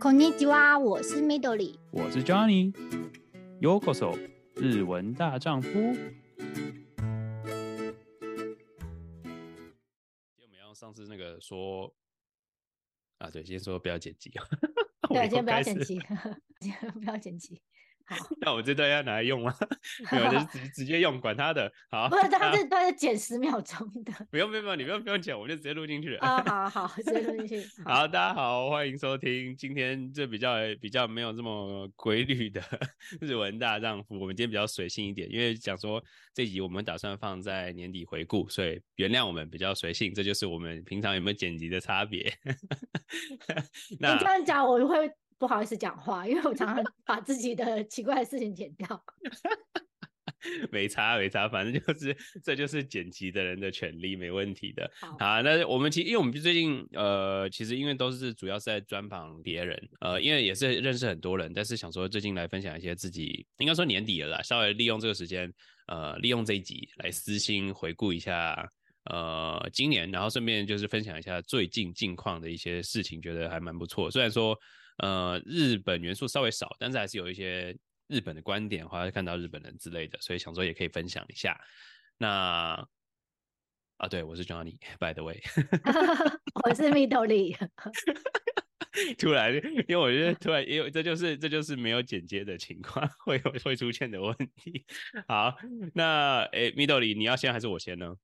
こんにちは，wa, 我是 Midori，我是 Johnny，Yokoso，日文大丈夫。今天我們要上次那個說啊，對，先說不要剪輯， 對，先不要剪輯，先 不要剪輯。好那我這段要拿來用嗎？沒有， 就直直接用， 管他的。好，不是，它那是它是剪十秒鐘的。不用，不用，你不用，不用剪，我就直接錄進去了。啊、哦，好，好，直接錄進去。好，好，大家好，歡迎收聽。今天這比較比較沒有這麼規律的日文大丈夫，我們今天比較隨性一點，因為講說，這集我們打算放在年底回顧，所以原諒我們比較隨性。這就是我們平常有沒有剪輯的差別。 那你這樣講，我會。不好意思講話，因為我常常把自己的奇怪的事情剪掉。 沒差沒差，反正就是這就是剪輯的人的權利，沒問題的。好，那我們其實因為我們最近呃，其實因為都是主要是在專訪別人，呃，因為也是認識很多人，但是想說最近來分享一些自己，應該說年底了啦，稍微利用這個時間，呃，利用這一集來私心回顧一下呃今年，然後順便就是分享一下最近近況的一些事情，覺得還蠻不錯，雖然說。呃，日本元素稍微少，但是還是有一些日本的觀點，或者看到日本人之類的，所以想說也可以分享一下。那啊，對，我是 Johnny，By the way， 我是 Midori。突然，因為我覺得突然因為這就是這就是沒有剪接的情況會會出現的問題。好，那誒，Midori，你要先還是我先呢？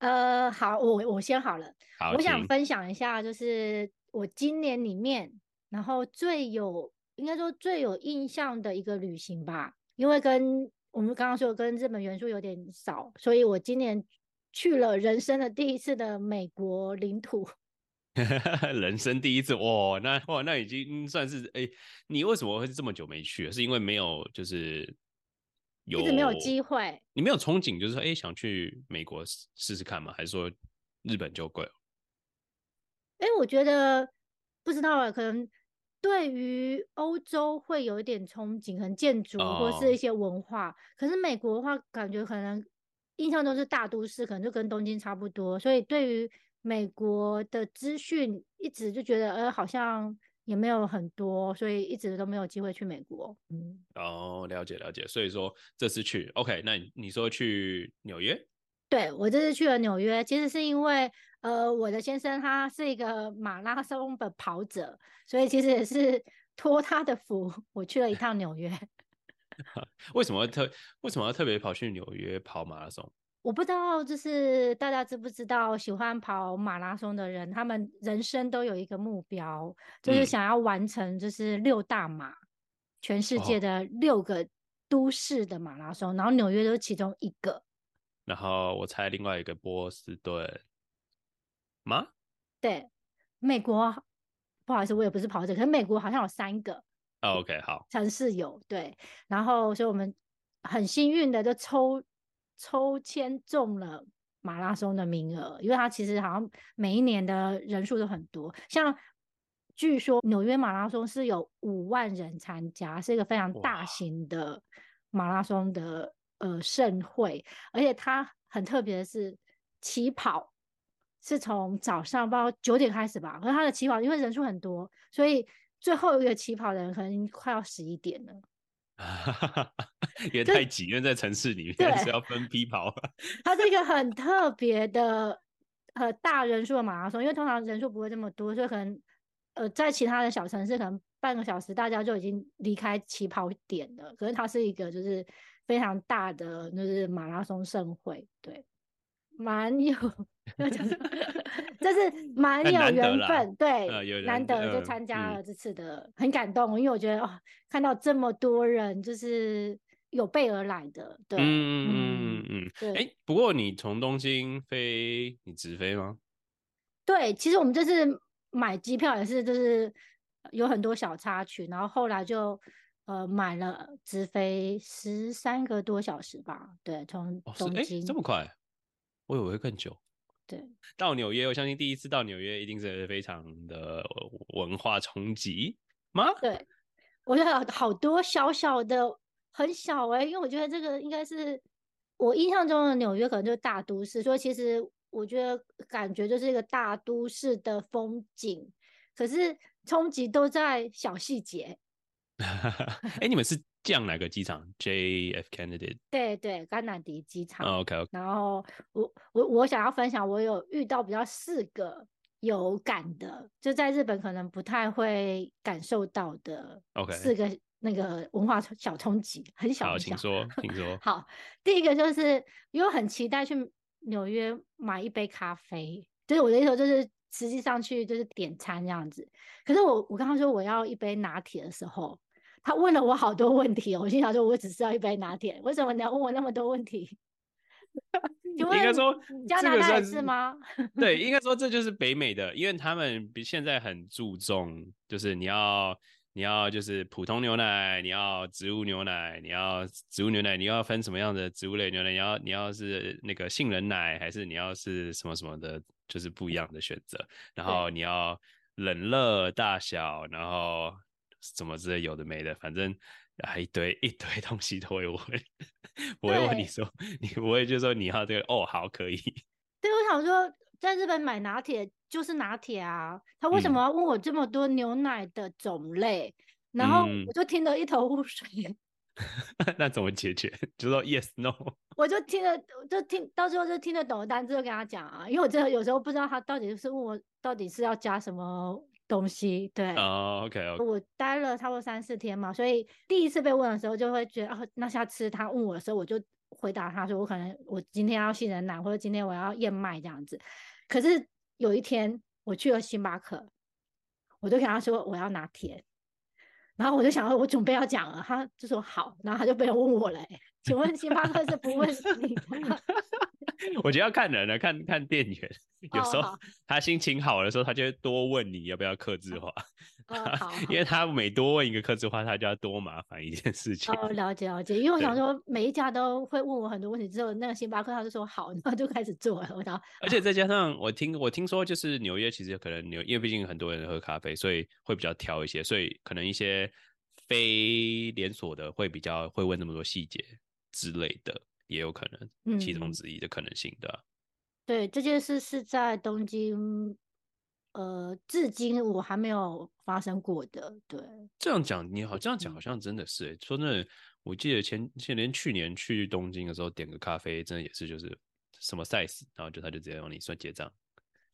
呃，好，我我先好了。好，我想分享一下，就是我今年裡面。然後最有，應該說最有印象的一個旅行吧，因為跟我們剛剛說，跟日本元素有點少，所以我今年去了人生的第一次的美國領土， 人生第一次、哦、哇，那哇，那已經算是哎，你為什麼會這麼久沒去？是因為沒有，就是有一直沒有機會，你沒有憧憬，就是說，哎想去美國試試看嘛？還是說日本就貴？哎，我覺得不知道啊，可能。對於歐洲會有一點憧憬，很建築或是一些文化。Oh. 可是美國的話，感覺可能印象中是大都市，可能就跟東京差不多。所以對於美國的資訊，一直就覺得呃好像也沒有很多，所以一直都沒有機會去美國。嗯，哦，oh, 了解了解。所以說這次去，OK，那你說去紐約？對，我這次去了紐約，其實是因為。呃，我的先生他是一個馬拉松的跑者，所以其實也是托他的福，我去了一趟紐約。為什麼會特為什麼要特別跑去紐約跑馬拉松？我不知道，就是大家知不知道，喜歡跑馬拉松的人，他們人生都有一個目標，就是想要完成就是六大馬，嗯、全世界的六個都市的馬拉松，哦、然後紐約都是其中一個。然後我猜另外一個波士頓。嗎？對，美國，不好意思，我也不是跑者，可是美國好像有三個。Oh, okay, 好，城市有，對，然後所以我們很幸運的就抽抽籤中了馬拉松的名額，因為它其實好像每一年的人數都很多，像據說紐約馬拉松是有五萬人參加，是一個非常大型的馬拉松的哇呃盛會，而且它很特別的是起跑，是從早上八九點開始吧，可是他的起跑因為人數很多，所以最後一個起跑的人可能快要十一點了。 也太擠急，就因為在城市裡面是對要分批跑。它是一個很特別的，呃，大人數的馬拉松， 因為通常人數不會這麼多，所以可能，呃，在其他的小城市，可能半個小時大家就已經離開起跑點了。可是它是一個就是非常大的，就是馬拉松盛會，對。蠻有，就 是就是蠻有緣分，對，難得就參加了這次的，嗯、很感動，因為我覺得哦，看到這麼多人就是有備而來的，對，嗯嗯嗯嗯，哎、嗯對嗯欸，不過你從東京飛，你直飛嗎？對，其實我們這次買機票也是就是有很多小插曲，然後後來就呃買了直飛十三個多小時吧，對，從東京、哦欸、這麼快。我以為會更久，對。到紐約，我相信第一次到紐約一定是非常的文化衝擊嗎？對，我覺得好，好多小小的很小哎、欸，因為我覺得這個應該是我印象中的紐約可能就是大都市，所以其實我覺得感覺就是一個大都市的風景，可是衝擊都在小細節。哎、 欸，你們是？ 降哪個機場？JF c a n d i d a t e 對對，甘南迪機場。Oh, OK okay.。然後我我我想要分享，我有遇到比較四個有感的，就在日本可能不太會感受到的 OK 四個 okay. 那個文化小衝擊，很小，的小。好，請說，請說。 好，第一個就是，因為我很期待去紐約買一杯咖啡，就是我的意思就是，實際上去就是點餐這樣子。可是我我剛剛說我要一杯拿鐵的時候。他問了我好多問題哦，我心想說，我只需要一杯拿鐵，為什麼你要問我那麼多問題？ 你應該說 加拿大是嗎？ 對，應該說這就是北美的，因為他們現在很注重，就是你要，嗯、你要就是普通牛奶，你要植物牛奶，你要植物牛奶，你要分什麼樣的植物類牛奶，你要你要是那個杏仁奶，還是你要是什麼什麼的，就是不一樣的選擇。然後你要冷熱大小，嗯、然後。什麼之類有的沒的，反正、啊、一堆一堆東西都會問，我 會問你說對你不會就說你要這個哦好可以。對，我想說在日本買拿鐵就是拿鐵啊，他為什麼要問我這麼多牛奶的種類？嗯、然後我就聽得一頭霧水。 那怎麼解決？就說 yes no。我就聽得就聽到時候就聽得懂的單字就跟他講啊，因為真的有時候不知道他到底就是問我到底是要加什麼。東西對啊、oh,，OK OK，我待了差不多三四天嘛，所以第一次被問的時候就會覺得啊、哦，那下次他問我的時候，我就回答他說我可能我今天要杏仁奶或者今天我要燕麥這樣子。可是有一天我去了星巴克，我就跟他說我要拿鐵，然後我就想說我準備要講了，他就說好，然後他就沒有問我了，欸。請問星巴克是不問你的嗎？ 我覺得要看人了，看看店員。有時候他心情好的時候，他就會多問你要不要客製化。哦、 因為他每多問一個客製化，他就要多麻煩一件事情。哦，了解了解。因為我想說，每一家都會問我很多問題，之後對那個星巴克他就說好，然後就開始做了。我而且再加上我聽我聽說，就是紐約其實可能紐約，因為畢竟很多人喝咖啡，所以會比較挑一些，所以可能一些非連鎖的會比較會問那麼多細節之類的。也有可能其中之一的可能性的、啊嗯。對，這件事是在東京，呃，至今我還沒有發生過的。對，這樣講你好，這樣講好像真的是，嗯、說真的，我記得前前年去年去東京的時候，點個咖啡，真的也是就是什麼 size，然後就他就直接讓你算結賬，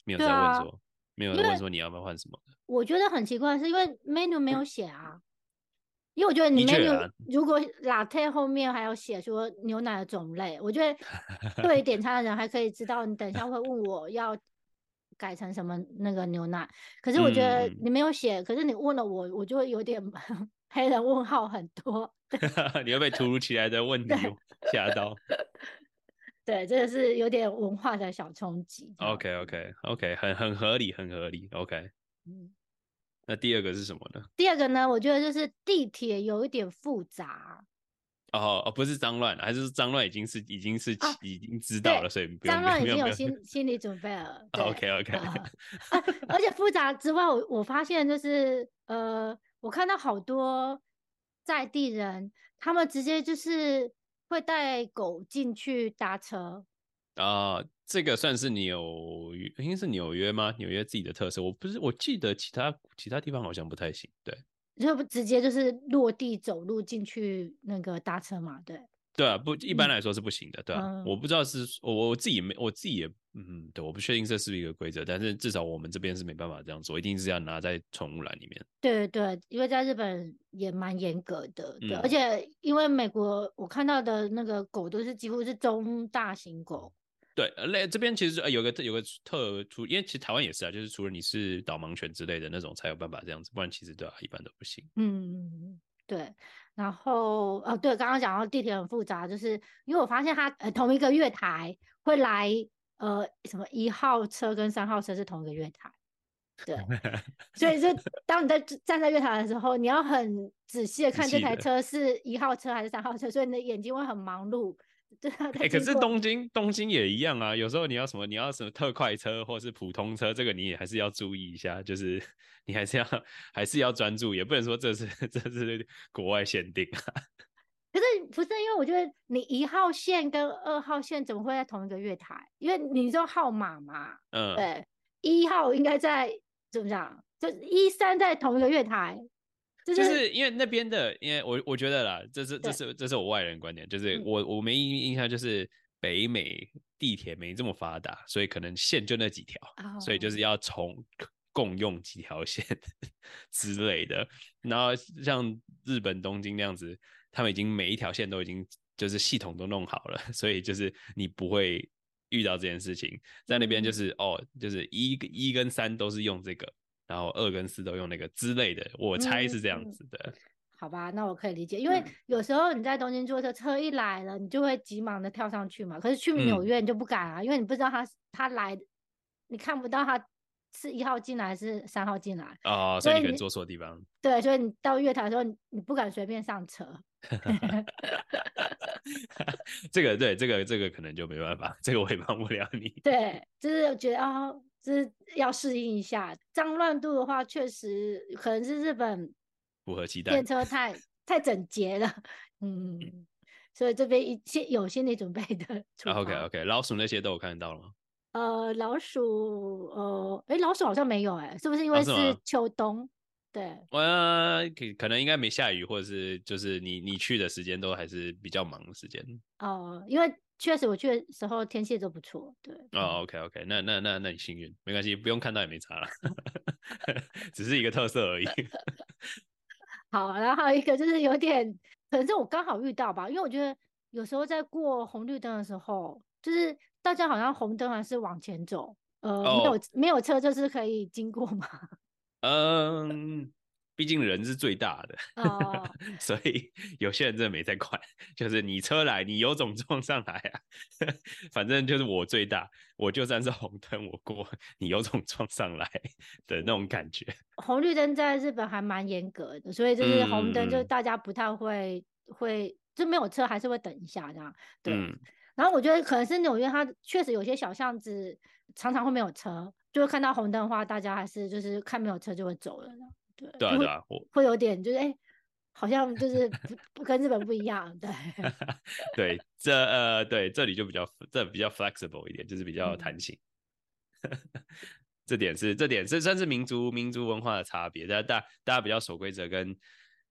沒有再問說、啊、沒有人問說你要不要為換什麼的。我覺得很奇怪是，因為 menu 沒有寫啊。嗯因為我覺得你沒有、啊，如果 latte 後面還有寫說牛奶的種類，我覺得對點餐的人還可以知道，你等一下會問我要改成什麼那個牛奶。可是我覺得你沒有寫，嗯、可是你問了我，我就會有點黑人問號很多。 你會被突如其來的問題嚇到？對， 對，這個是有點文化的小衝擊。OK OK OK，很很合理，很合理。OK、嗯那第二個是什麼呢？第二個呢，我覺得就是地鐵有一點複雜。哦，哦，不是髒亂，還、啊就是髒亂已經是已經是、啊、已經知道了，所以髒亂已經有心 心理準備了。哦、OK OK、呃。啊、 而且複雜之外，我我發現就是呃，我看到好多在地人，他們直接就是會帶狗進去搭車。啊、哦。這個算是紐約，應該是紐約嗎？紐約自己的特色，我不是，我記得其他其他地方好像不太行，對。就不直接就是落地走路進去那個搭車嘛，對。對啊，不，一般來說是不行的，對啊，嗯、我不知道是我我自己沒我自己也，自己也嗯，對，我不確定這是不是一個規則，但是至少我們這邊是沒辦法這樣做，一定是要拿在寵物欄裡面。對對，因為在日本也蠻嚴格的，對，嗯、而且因為美國我看到的那個狗都是幾乎是中大型狗。對，呃，那這邊其實呃有個有個特除，因為其實台灣也是啊，就是除了你是導盲犬之類的那種才有辦法這樣子，不然其實對啊，一般都不行。嗯，對。然後哦，對，剛剛講到地鐵很複雜，就是因為我發現它呃同一個月台會來呃什麼一號車跟三號車是同一個月台，對。 所以就是當你在站在月台的時候，你要很仔細的看這台車是一號車還是三號車，所以你的眼睛會很忙碌。對啊，欸，可是東京，東京也一樣啊。有時候你要什麼，你要什麼特快車或是普通車，這個你也還是要注意一下，就是你還是要還是要專注，也不能說這是這是國外限定啊。可是不是因為我覺得你一號線跟二號線怎麼會在同一個月台？因為你說號碼嘛，嗯，對，一號應該在，怎麼講？就是一三在同一個月台。就是因為那邊的，因為我我覺得啦，這是這是這是我外人的觀點，就是我我沒印象，就是北美地鐵沒這麼發達，所以可能線就那幾條，所以就是要從共用幾條線之類的。然後像日本東京那樣子，他們已經每一條線都已經就是系統都弄好了，所以就是你不會遇到這件事情，在那邊就是哦，就是一一跟三都是用這個。然後二跟四都用那個之類的，我猜是這樣子的，嗯嗯。好吧，那我可以理解，因為有時候你在東京坐車，嗯，車一來了，你就會急忙的跳上去嘛。可是去紐約你就不敢啊，嗯，因為你不知道他他來，你看不到他是一號進來還是三號進來哦，所以你可能坐錯地方。對，所以你到月台的時候，你不敢隨便上車。哈哈哈，這個對，這個這個可能就沒辦法，這個我也幫不了你。對，就是我覺得啊、哦，就是要適應一下。髒亂度的話，確實可能是日本符合期待。電車太太整潔了，嗯。 所以這邊一些有心理準備的。OK，OK，老鼠那些都有看到了嗎？呃，老鼠，呃，哎、欸，老鼠好像沒有，哎，是不是因為是秋冬？對，我可可能應該沒下雨，或者是就是你你去的時間都還是比較忙的時間。哦，因為確實我去的時候天氣都不錯，對。哦，OK OK，那那那那你幸運，沒關係，不用看到也沒差了， 只是一個特色而已。 好，然後還有一個就是有點，可能是我剛好遇到吧，因為我覺得有時候在過紅綠燈的時候，就是大家好像紅燈還是往前走，呃，哦、沒有沒有車就是可以經過嘛。嗯，um, 畢竟人是最大的，oh. 所以有些人真的沒在管，就是你車來，你有種撞上來啊！ 反正就是我最大，我就算是紅燈我過，你有種撞上來的那種感覺。紅綠燈在日本還蠻嚴格的，所以就是紅燈就大家不太會、嗯、會就沒有車，還是會等一下這樣。對，嗯、然後我覺得可能是紐約它確實有些小巷子常常會沒有車。就會看到紅燈的話，大家還是就是看沒有車就會走了。對對啊對啊，會，對啊會有點就是哎、欸，好像就是不 跟日本不一樣。對 對，這呃對，這裡就比較這比較 flexible 一點，就是比較彈性。嗯、 這點是這點是算是民族民族文化的差別，大家大大家比較守規則跟。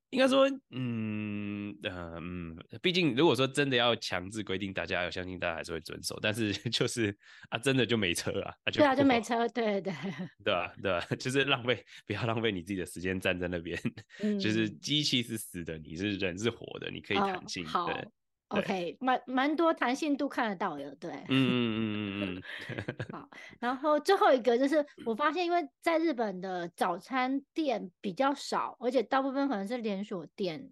應該說，嗯，呃，嗯，畢竟如果說真的要強制規定，大家要相信，大家還是會遵守。但是就是啊，真的就沒車啊，那、啊、對啊，就沒車，哦、對對對啊，對吧、啊？就是浪費，不要浪費你自己的時間，站在那邊。嗯，就是機器是死的，你是人是活的，你可以彈性、哦、對。OK，對蠻蠻多彈性都看得到的，對，嗯嗯嗯 好，然後最後一個就是我發現，因為在日本的早餐店比較少，而且大部分可能是連鎖店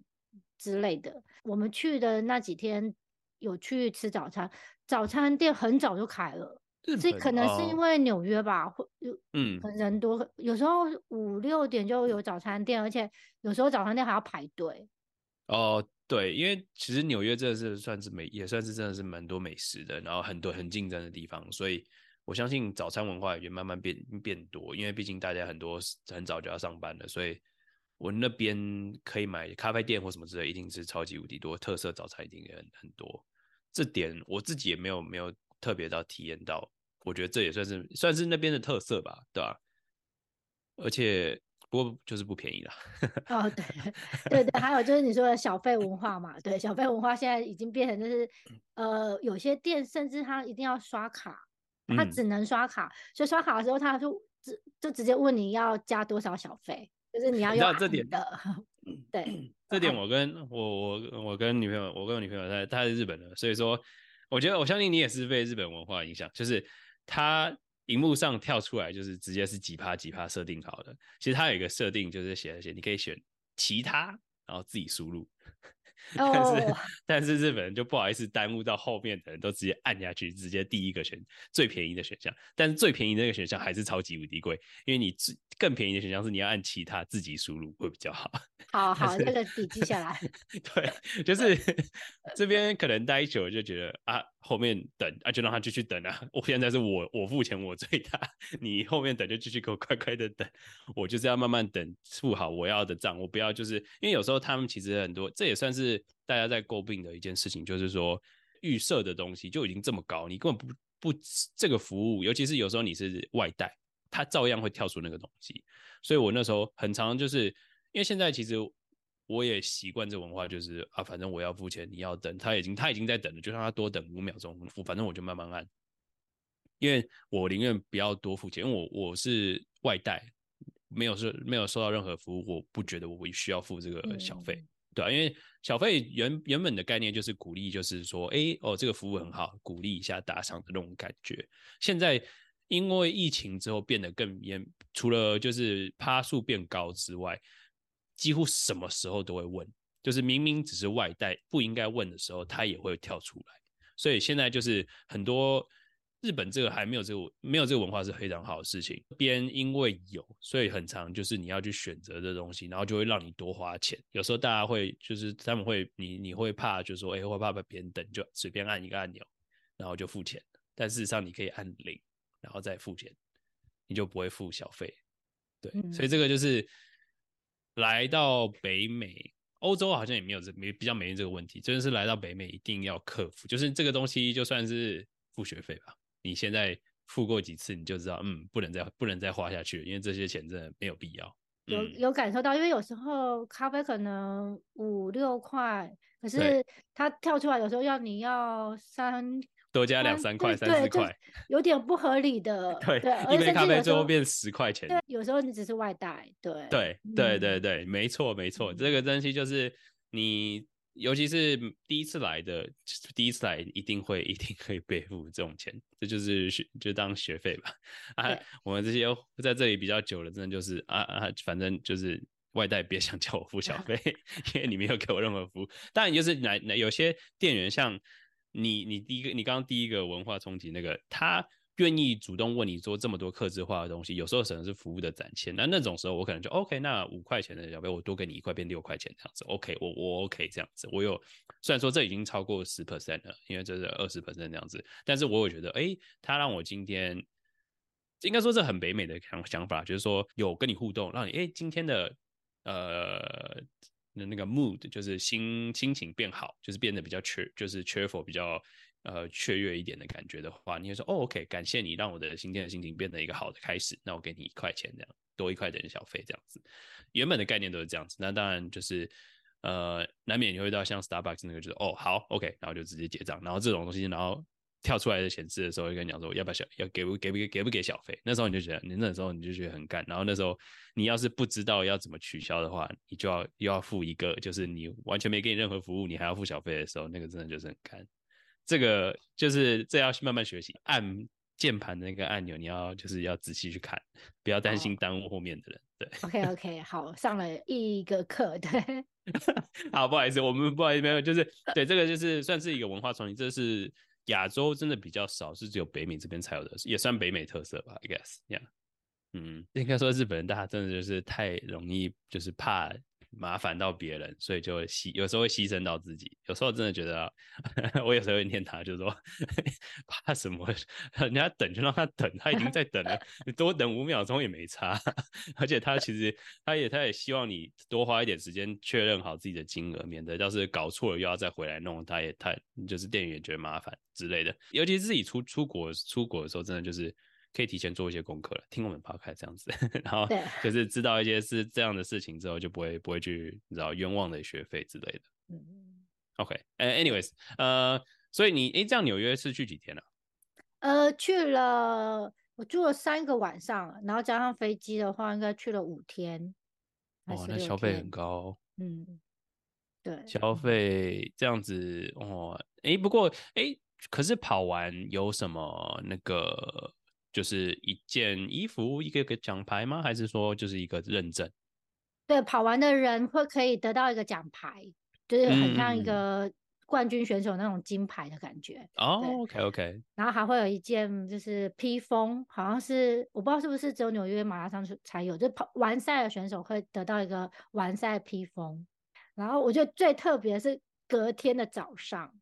之類的。我們去的那幾天有去吃早餐，早餐店很早就開了，這，這可能是因為紐約吧，或有嗯人多，嗯、有時候五六點就有早餐店，而且有時候早餐店還要排隊。哦，對，因為其實紐約這是算是美，也算是真的是蠻多美食的，然後很多很競爭的地方，所以我相信早餐文化也慢慢變變多，因為畢竟大家很多很早就要上班了，所以我那邊可以買咖啡店或什麼之類，一定是超級無敵多特色早餐一定也，已經很很多。這點我自己也沒有沒有特別到體驗到，我覺得這也算是算是那邊的特色吧，對吧、啊？而且。不過就是不便宜啦。哦，對對對，還有就是你說的小費文化嘛，對，小費文化現在已經變成就是，呃，有些店甚至他一定要刷卡，他只能刷卡，嗯，所以刷卡的時候他就直就直接問你要加多少小費，就是你要用到這點的。 對，這點我跟我我我跟女朋友，我跟我女朋友在她是日本的，所以說我覺得我相信你也是被日本文化影響，就是他。螢幕上跳出來就是直接是幾趴幾趴設定好的，其實它有一個設定就是寫了寫，你可以選其他，然後自己輸入。 但是、oh. 但是日本人就不好意思耽誤到後面的人，都直接按下去，直接第一個選最便宜的選項，但是最便宜的那個選項還是超級無敵貴，因為你最更便宜的選項是你要按其他自己輸入會比較好。好、oh. 是好，這、那個筆記下來。 對，就是 這邊可能待一久就覺得啊。後面等啊，就讓他繼續等啊。我現在是我我付錢我最大，你後面等就繼續給我乖乖的等，我就是要慢慢等，付好我要的賬。我不要就是因為有時候他們其實很多，這也算是大家在詬病的一件事情，就是說預設的東西就已經這麼高，你根本不不這個服務，尤其是有時候你是外帶，他照樣會跳出那個東西。所以我那時候很常，就是因為現在其實。我也習慣這文化，就是啊，反正我要付錢，你要等。他已經他已經在等了，就讓他多等五秒鐘，付，反正我就慢慢按。因為我寧願不要多付錢，因為我我是外帶，沒有收沒有收到任何服務，我不覺得我需要付這個小費，對啊，因為小費原原本的概念就是鼓勵，就是說、欸，哎哦，這個服務很好，鼓勵一下打賞的那種感覺。現在因為疫情之後變得更嚴，除了就是趴數變高之外。幾乎什麼時候都會問，就是明明只是外帶不應該問的時候，他也會跳出來。所以現在就是很多日本這個還沒有這個沒有這個文化是非常好的事情。邊因為有，所以很常就是你要去選擇的東西，然後就會讓你多花錢。有時候大家會就是他們會你你會怕就是說誒，我、欸、會怕被別人等，就隨便按一個按鈕，然後就付錢。但事實上你可以按零，然後再付錢，你就不會付小費。對，嗯、所以這個就是。來到北美、歐洲好像也沒有這、沒、個、比較沒有這個問題，真、就是來到北美一定要克服，就是這個東西就算是付學費吧，你現在付過幾次你就知道，嗯，不能再不能再花下去了，因為這些錢真的沒有必要。嗯、有有感受到，因為有時候咖啡可能五六塊，可是它跳出來有時候要你要三。多加兩三塊、三四塊，有點不合理的。對 對，一杯對咖啡最後變十塊錢。對，有時候你只是外帶。對對對對對，沒錯沒錯，嗯、這個東西就是你，尤其是第一次來的，就是、第一次來一定會一定可以背負這種錢，這就是學就當學費吧。啊，對我們這些在這裡比較久了，真的就是啊啊，反正就是外帶別想叫我付小費，啊、 因為你沒有給我任何服務。但就是那那有些店員像。你你第一個，你剛剛第一個文化衝擊那個，他願意主動問你做這麼多客製化的東西，有時候可能是服務的展現，那那種時候我可能就 OK，那五塊錢的小費我多給你一塊，變六塊錢這樣子，OK，我我 OK 這樣子，我有雖然說這已經超過十 percent 了，因為這是二十 percent 這樣子，但是我有覺得誒，他、欸、讓我今天應該說是很北美的想想法，就是說有跟你互動，讓你誒、欸，今天的呃。那個 mood 就是心心情變好，就是變得比較 cheer，就是 cheerful 比較呃雀躍一點的感覺的話，你會說哦 OK，感謝你讓我的今天的心情變得一個好的開始，那我給你一塊錢這樣，多一塊錢的小費這樣子，原本的概念都是這樣子。那當然就是呃難免你會到像 Starbucks 那個就是哦好 OK，然後就直接結賬，然後這種東西然後。跳出來的顯示的時候，就跟你講說要把，要不要小要給不給不給不，給不給小費？那時候你就覺得，你那時候你就覺得很幹。然後那時候你要是不知道要怎麼取消的話，你就要又要付一個，就是你完全沒給你任何服務，你還要付小費的時候，那個真的就是很幹。這個就是這要去慢慢學習，按鍵盤的那個按鈕，你要就是要仔細去看，不要擔心耽誤後面的人。Oh. 對，OK OK，好，上了一個課，對， 好，不好意思，我們不好意思，沒有，就是對這個就是算是一個文化創意。這是。亞洲真的比較少，是只有北美這邊才有的，也算北美特色吧，I guess。Yeah，嗯，應該說日本人大家真的就是太容易，就是怕。麻煩到別人，所以就會犧有時候會犧牲到自己。有時候真的覺得、啊， 我有時候會念他就，就是說怕什麼，人家等就讓他等，他已經在等了，你多等五秒鐘也沒差。 而且他其實他也他也希望你多花一點時間確認好自己的金額，免得要是搞錯了又要再回來弄，他也太，就是店員也覺得麻煩之類的。尤其是自己出出國出國的時候，真的就是。可以提前做一些功課了，聽我們拋開這樣子，然後就是知道一些是這樣的事情之後，就不會對不會去你知道冤枉的學費之類的。嗯，OK，anyways, okay, uh, anyways, 呃，所以你哎，這樣紐約是去幾天啊？呃，去了，我住了三個晚上，然後加上飛機的話，應該去了五天。哦，那消費很高。嗯，對，消費這樣子哦，哎，不過哎，可是跑完有什麼那個？就是一件衣服，一個一個獎牌嗎？還是說就是一個認證？對，跑完的人會可以得到一個獎牌，就是很像一個冠軍選手那種金牌的感覺。哦，嗯，對，oh，OK OK。然後還會有一件就是披風，好像是，我不知道是不是只有紐約馬拉松才有，就跑完賽的選手會得到一個完賽披風。然後我覺得最特別的是隔天的早上，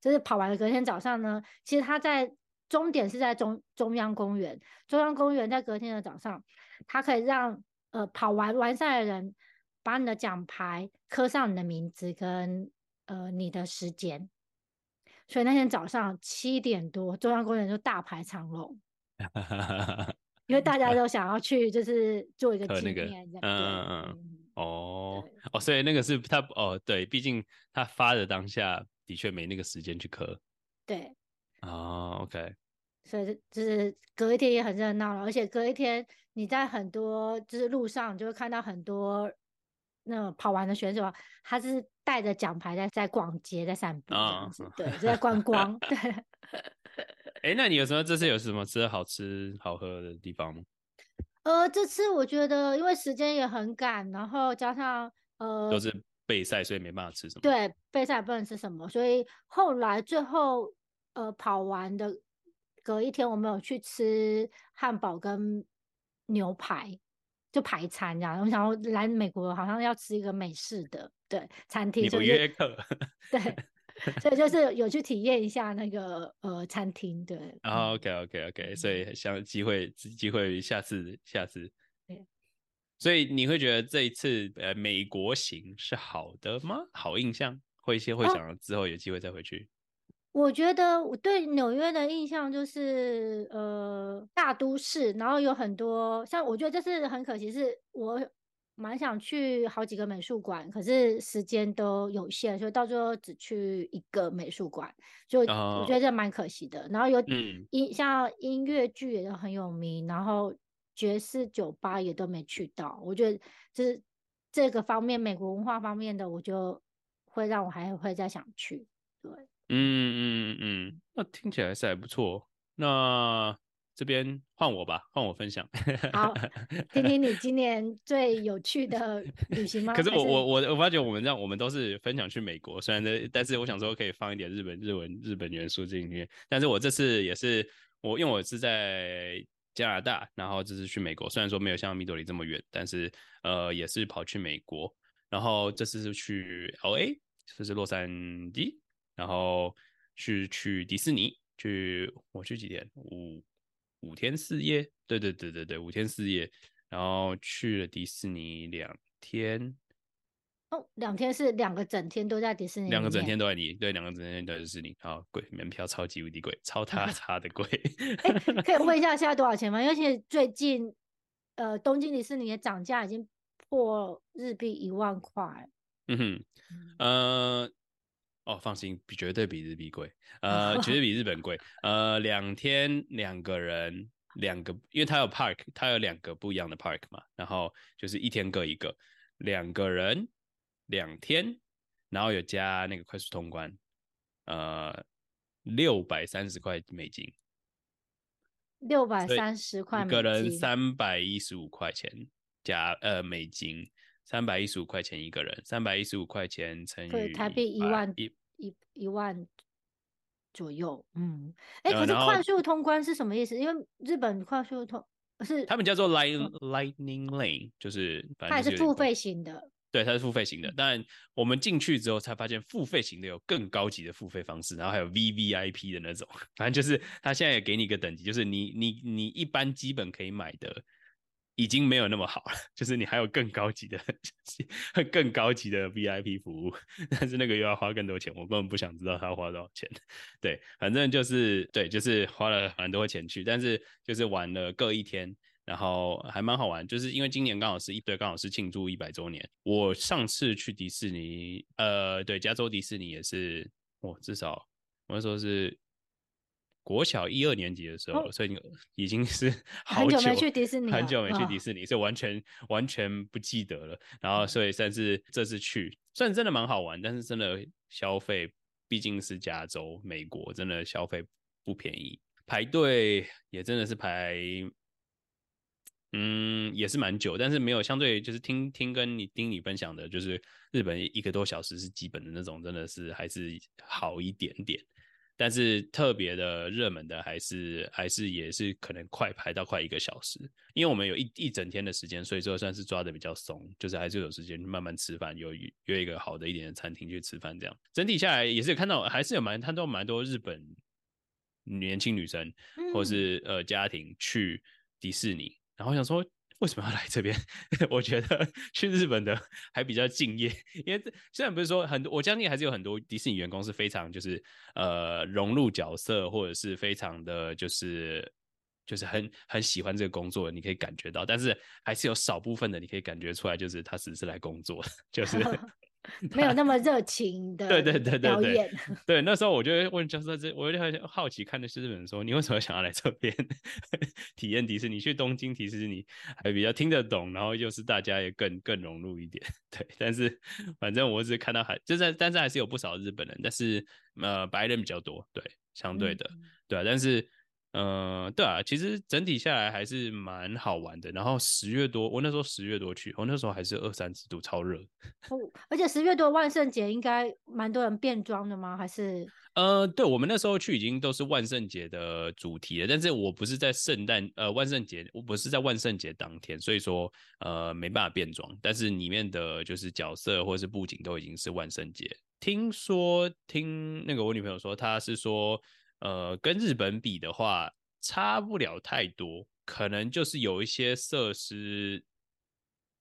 就是跑完了隔天早上呢，其實他在。終點是在中中央公園，中央公園。在隔天的早上，它可以讓呃跑完完賽的人把你的獎牌刻上你的名字跟呃你的時間，所以那天早上七點多，中央公園就大排長龍， 因為大家都想要去，就是做一個紀念，那個、對嗯，嗯嗯哦，對哦，所以那個是他哦，對，畢竟他發的當下的確沒那個時間去刻，對，哦、oh，OK。所以就是隔一天也很熱鬧了，而且隔一天你在很多就是路上就會看到很多那種跑完的選手，他是帶着獎牌在在逛街在散步，哦、對， 就在觀光。對。哎，那你有什麼這次有什麼吃的好吃好喝的地方嗎？呃，這次我覺得因為時間也很趕，然後加上呃都是備賽，所以沒辦法吃什麼。對，備賽不能吃什麼，所以後來最後呃跑完的。隔一天，我們有去吃漢堡跟牛排，就排餐這樣。我想要來美國，好像要吃一個美式的對餐廳。你紐約客？對，所以就是有去體驗一下那個呃餐廳。對。啊，OK，OK，OK，所以想機會，機會下次下次。對所以你會覺得這一次呃美國行是好的嗎？好印象會先會想之後有機會再回去。哦我覺得我對紐約的印象就是，呃，大都市，然後有很多像我覺得這是很可惜，是我蠻想去好幾個美術館，可是時間都有限，所以到最後只去一個美術館，就我覺得這蠻可惜的。哦、然後有音像音樂劇也都很有名，嗯、然後爵士酒吧也都沒去到，我覺得就是這個方面美國文化方面的，我就會讓我還會再想去，對。嗯嗯嗯，那聽起來是還不錯。那這邊換我吧，換我分享。 好，聽聽你今年最有趣的旅行嗎？可是我我我我我發覺我們這樣，我們都是分享去美國，雖然這但是我想說可以放一點日本日文日本元素進去。但是我這次也是我，因為我是在加拿大，然後這次去美國，雖然說沒有像米多里這麼遠，但是呃也是跑去美國，然後這次是去 LA，就是洛杉磯。然後是去,去迪士尼，去我去幾天五五天四夜，對對對對對，五天四夜。然後去了迪士尼兩天，哦，兩天是兩個整天都在迪士尼，兩個整天都在你對，兩個整天都在迪士尼。然後貴，門票超級無敵貴，超他差的貴、嗯 。可以問一下現在多少錢嗎？因為最近呃，東京迪士尼的漲價已經破日幣一萬塊。嗯哼，呃。哦，放心，比，絕對比日幣貴，呃， 絕對比日本貴，呃，兩天兩個人兩個，因為它有 park，它有兩個不一樣的 park 嘛，然後就是一天各一個，兩個人兩天，然後有加那個快速通關，呃，六百三十塊美金，六百三十塊美金，一個人三百一十五塊錢加呃美金。三百一十五塊錢一個人，三百一十五塊錢乘以，對，台幣一萬一，一一、啊、萬左右，嗯，哎，可是快速通關是什麼意思？因為日本快速通是他們叫做 Light Lightning Lane，就是，就是，它也是付費型的，對，它是付費型的。但我們進去之後才發現，付費型的有更高級的付費方式，然後還有 VVIP 的那種，反正就是他現在也給你一個等級，就是你你你一般基本可以買的。已經沒有那麼好了，就是你還有更高級的、更高級的 VIP 服務，但是那個又要花更多錢，我根本不想知道他要花多少錢。對，反正就是對，就是花了很多錢去，但是就是玩了各一天，然後還蠻好玩，就是因為今年剛好是一對，剛好是慶祝一百週年。我上次去迪士尼，呃，對，加州迪士尼也是，我至少我那時候是。國小一二年級的時候，哦、所以已經是好久，很久啊、很久沒去迪士尼，很久沒去迪士尼，所以完全完全不記得了。然後，所以算是這次去，算真的蠻好玩，但是真的消費畢竟是加州美國，真的消費不便宜，排隊也真的是排，嗯，也是蠻久，但是沒有相對就是聽聽跟你聽你分享的，就是日本一個多小時是基本的那種，真的是還是好一點點。但是特別的熱門的還是還是也是可能快排到快一個小時，因為我們有一一整天的時間，所以說算是抓的比較鬆，就是還是有時間慢慢吃飯，有約一個好的一點的餐廳去吃飯。這樣整體下來也是看到還是有蠻看到蠻多日本年輕女生或是、嗯、呃家庭去迪士尼，然後想說。為什麼要來這邊？ 我覺得去日本的還比較敬業，因為雖然不是說很多，我相信還是有很多迪士尼員工是非常就是呃融入角色，或者是非常的就是就是很很喜歡這個工作，你可以感覺到。但是還是有少部分的，你可以感覺出來，就是他只是來工作，就是。 沒有那麼熱情的表演，對對對對對，對，對，對。 對，那時候我就會問教授這，我有點好奇，看的是日本人說，你為什麼想要來這邊 體驗迪士尼？去東京迪士尼還比較聽得懂，然後又是大家也更更融入一點，對。但是反正我只看到還，就是但是還是有不少日本人，但是呃白人比較多，對，相對的，嗯、對、啊，但是。呃，對啊，其實整體下來還是蠻好玩的。然後十月多，我那時候十月多去，我那時候還是二三十度，超熱。哦，而且十月多萬聖節應該蠻多人變裝的嗎？還是？呃，對，我們那時候去已經都是萬聖節的主題了。但是我不是在聖誕，呃，萬聖節，我不是在萬聖節當天，所以說，呃，沒辦法變裝。但是裡面的就是角色或是布景都已經是萬聖節。聽說聽那個我女朋友說，她是說。呃，跟日本比的話，差不了太多，可能就是有一些設施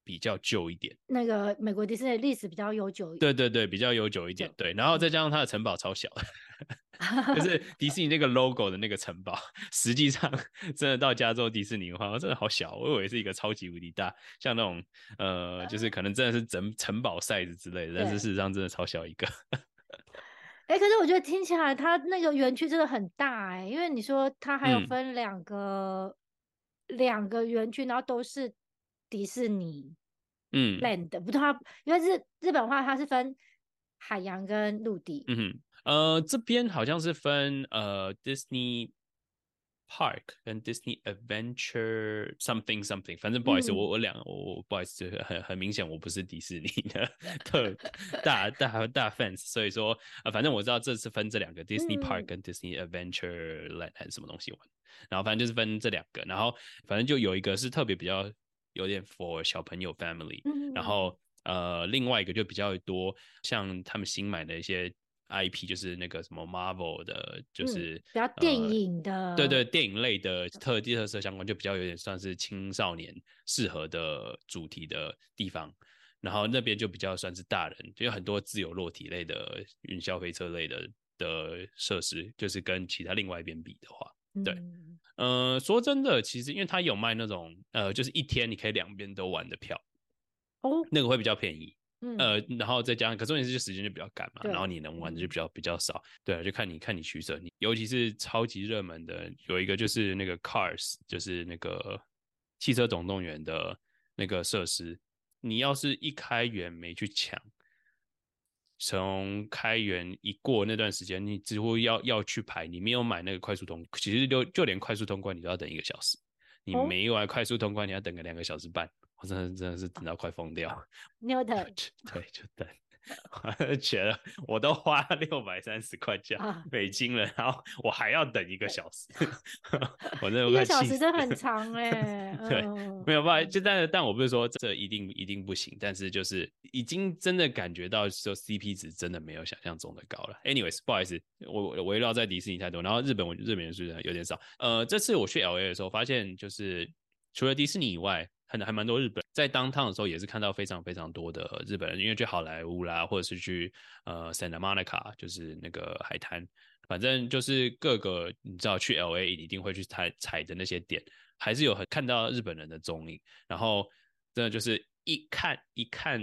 比較舊一點。那個美國迪士尼歷史比較悠久一點，對對對，比較悠久一點，久對。然後再加上它的城堡超小， 就是迪士尼那個 logo 的那個城堡， 實際上真的到加州迪士尼的話，真的好小，我以為是一個超級無敵大，像那種呃，就是可能真的是整城堡 size 之類的，但是事實上真的超小一個。 哎、欸，可是我覺得聽起來它那個園區真的很大。哎、欸，因為你說它還有分兩個兩、嗯、個園區，然後都是迪士尼，嗯，Land，不它，因為日日本話它是分海洋跟陸地，嗯，呃，這邊好像是分呃，Disney。Dis Park 跟 Disney Adventure something something，反正不好意思，嗯、我我兩個我不好意思，很很明顯我不是迪士尼的特 大大大 fans，所以說啊、呃，反正我知道這次分這兩個、嗯、Disney Park 跟 Disney Adventure Land 是什麼東西玩，然後反正就是分這兩個，然後反正就有一個是特別比較有點 for 小朋友 family，然後、嗯、呃另外一個就比較多像他們新買的一些。IP 就是那個什麼 Marvel 的，就是、嗯、比較電影的，呃、對，對對，電影類的特地特色相關，就比較有點算是青少年適合的主題的地方。然後那邊就比較算是大人，就有很多自由落體類的、雲霄飛車類的的設施，就是跟其他另外一邊比的話，嗯、對、嗯、呃，說真的，其實因為他有賣那種呃，就是一天你可以兩邊都玩的票，哦，那個會比較便宜。嗯、呃，然後再加上，可是重點是就時間就比較趕嘛，對然後你能玩的就比較比較少，對，就看你看你取舍你，你尤其是超級熱門的，有一個就是那個 Cars，就是那個汽車總動員的那個設施，你要是一開園沒去搶，從開園一過那段時間，你幾乎要要去排，你沒有買那個快速通，其實就就連快速通關你都要等一個小時，你沒有快速通關你，哦、你要等個兩個小時半。我真的真的是等到快瘋掉了， 對，就等，覺 得我都花六百三十塊錢北京了，然後我還要等一個小時，反 正 一個小時真的很長哎、欸。 對，沒有不好意思，就但但我不是說這一定一定不行，但是就是已經真的感覺到就 CP 值真的沒有想象中的高了。Anyways，不好意思，我圍繞在迪士尼太多，然後日本我日本的雖有點少，呃，這次我去 LA 的時候發現，就是除了迪士尼以外。很還蠻多日本，在當趟的時候也是看到非常非常多的日本人，因為去好萊塢啦，或者是去呃 Santa Monica，就是那個海灘，反正就是各個你知道去 LA 你一定會去踩踩的那些點，還是有很看到日本人的蹤影，然後真的就是一看一看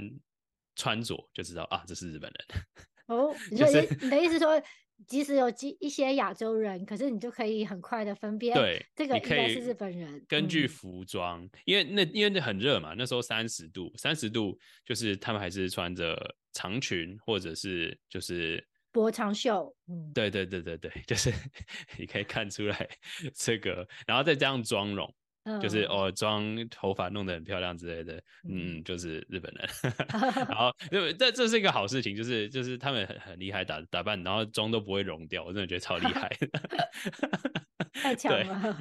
穿着就知道啊，這是日本人哦， 就是你的意思說。即使有幾一些亞洲人，可是你就可以很快的分辨，對，這個應該是日本人。根據服裝，嗯、因為那因為那很熱嘛，那時候三十度，三十度就是他們還是穿着長裙，或者是就是薄長袖。嗯，對對對對對，就是 你可以看出來這個，然後再加上妝容。就是哦，妝頭髮弄得很漂亮之類的，嗯，嗯，就是日本人。 然後，對，這這是一個好事情，就是就是他們很很厲害打，打打扮，然後妝都不會融掉，我真的覺得超厲害。 太強了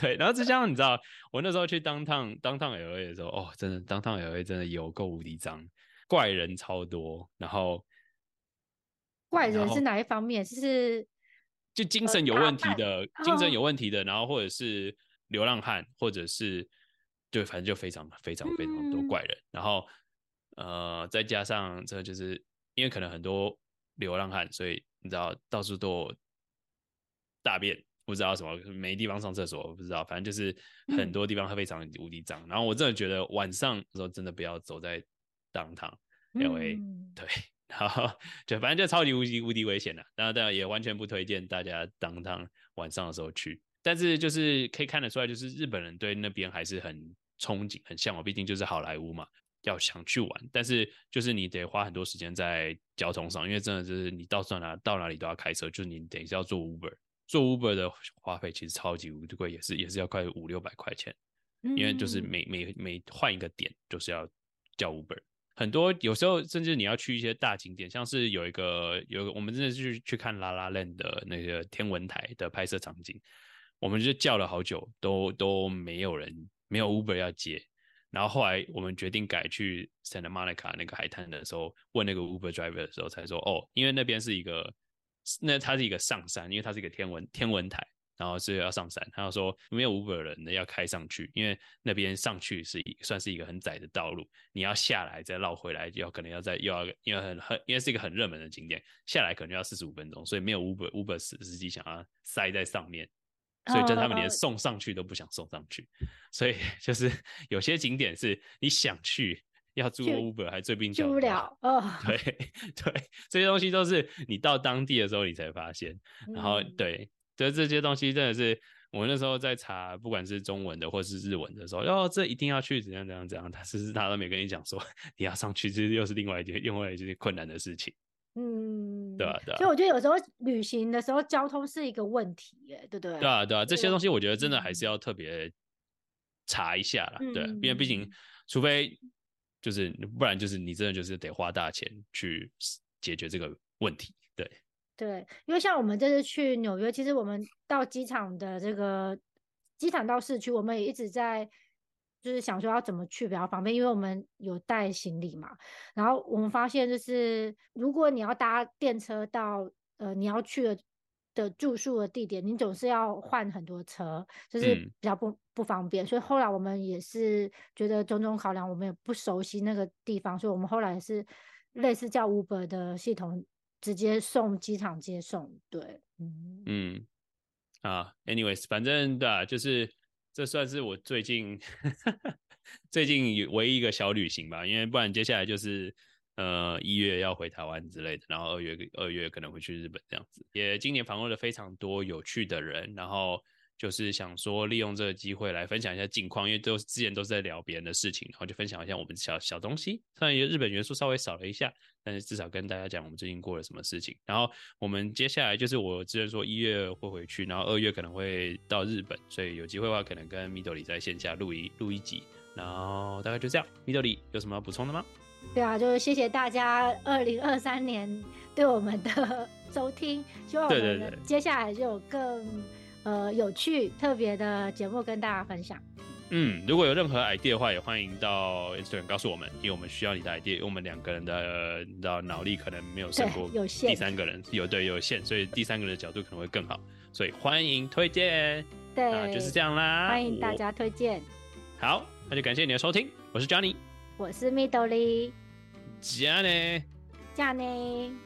對。對，然後再加上你知道，我那時候去 Downtown Downtown L A 的時候，哦，真的 Downtown L A 真的有夠無敵髒，怪人超多。然後怪人是哪一方面？後就是就精神有問題的，精神有問題的，然後或者是。流浪漢，或者是，對，反正就非常非常非常多怪人，然後，呃，再加上這就是因為可能很多流浪漢，所以你知道到處都大便，不知道什麼沒地方上廁所，不知道，反正就是很多地方非常無敵髒。然後我真的覺得晚上的時候真的不要走在 Downtown LA，嗯，因為對，然後就反正就超級無敵無敵危險的，那當然也完全不推薦大家 Downtown 晚上的時候去。但是就是可以看得出來，就是日本人對那邊還是很憧憬，很嚮往。畢竟就是好萊塢嘛，要想去玩，但是就是你得花很多時間在交通上，因為真的就是你到哪到哪裡都要開車，就是你等一下要坐 Uber，做 Uber 的花費其實超級貴，也是也是要快五六百塊錢，因為就是每、嗯、每每換一個點，就是要叫 Uber。很多有時候甚至你要去一些大景點，像是有一個有一個我們真的是去，去看啦 La 啦 La Land 的那個天文台的拍攝場景。我們就叫了好久，都都沒有人，沒有 Uber 要接。然後後來我們決定改去 Santa Monica 那個海灘的時候，問那個 Uber driver 的時候，才說哦，因為那邊是一個，那它是一個上山，因為它是一個天文天文台，然後是要上山。他就說沒有 Uber 人的要開上去，因為那邊上去是算是一個很窄的道路，你要下來再繞回來，要可能要在，又要因為很很因為是一個很熱門的景點，下來可能要四十五分鐘，所以沒有 Uber Uber Uber 司機想要塞在上面。所以就他們連送上去都不想送上去，oh, oh, oh. 所以就是有些景點是你想去，要租 Uber 還追兵住不了，oh. 對對，這些東西都是你到當地的時候你才發現，然後對，嗯、就這些東西真的是我那時候在查，不管是中文的或是日文的時候，哦，這一定要去怎樣怎樣怎樣，但是他都沒跟你講說你要上去，這又是另外一件另外一件困難的事情。嗯，對啊，對啊，所以我覺得有時候旅行的時候，交通是一個問題，耶，對不對，啊？對啊，對啊，對啊，這些東西我覺得真的還是要特別查一下啦。嗯、對，因為畢竟，除非就是，不然就是你真的就是得花大錢去解決這個問題，對，對，因為像我們這次去紐約，其實我們到機場的這個機場到市區，我們也一直在。就是想說要怎麼去比較方便，因為我們有帶行李嘛。然後我們發現，就是如果你要搭電車到呃你要去的的住宿的地點，你總是要換很多車，就是比較不不方便。嗯、所以後來我們也是覺得種種考量，我們也不熟悉那個地方，所以我們後來是類似叫 Uber 的系統直接送機場接送。對，嗯啊、uh，anyways，反正的、啊，就是。這算是我最近呵呵最近唯一一個小旅行吧，因為不然接下來就是呃一月要回台灣之類的，然後二月二月可能會去日本這樣子。也今年訪問了非常多有趣的人，然後。就是想說，利用這個機會來分享一下近況，因為都是之前都是在聊別人的事情，然後就分享一下我們小小東西，雖然日本元素稍微少了一下，但是至少跟大家講我們最近過了什麼事情。然後我們接下來就是我之前說一月會回去，然後二月可能會到日本，所以有機會的話，可能跟 Midori 在線下錄一錄一集。然後大概就這樣，Midori 有什麼要補充的嗎？對啊，就是謝謝大家二零二三年對我們的收聽，希望我們接下來就有更。呃，有趣特別的節目跟大家分享。嗯，如果有任何 idea 的話，也歡迎到 Instagram 告訴我們，因為我們需要你的 idea，因為我們兩個人的、呃，你知道，腦力可能沒有勝過第三個人，對，有，有對，有限，所以第三個人的角度可能會更好，所以，所以歡迎推薦。對，就是這樣啦，歡迎大家推薦。好，那就感謝你的收聽，我是 Johnny，我是 m i d 蜜豆莉，Johnny，Johnny。捏捏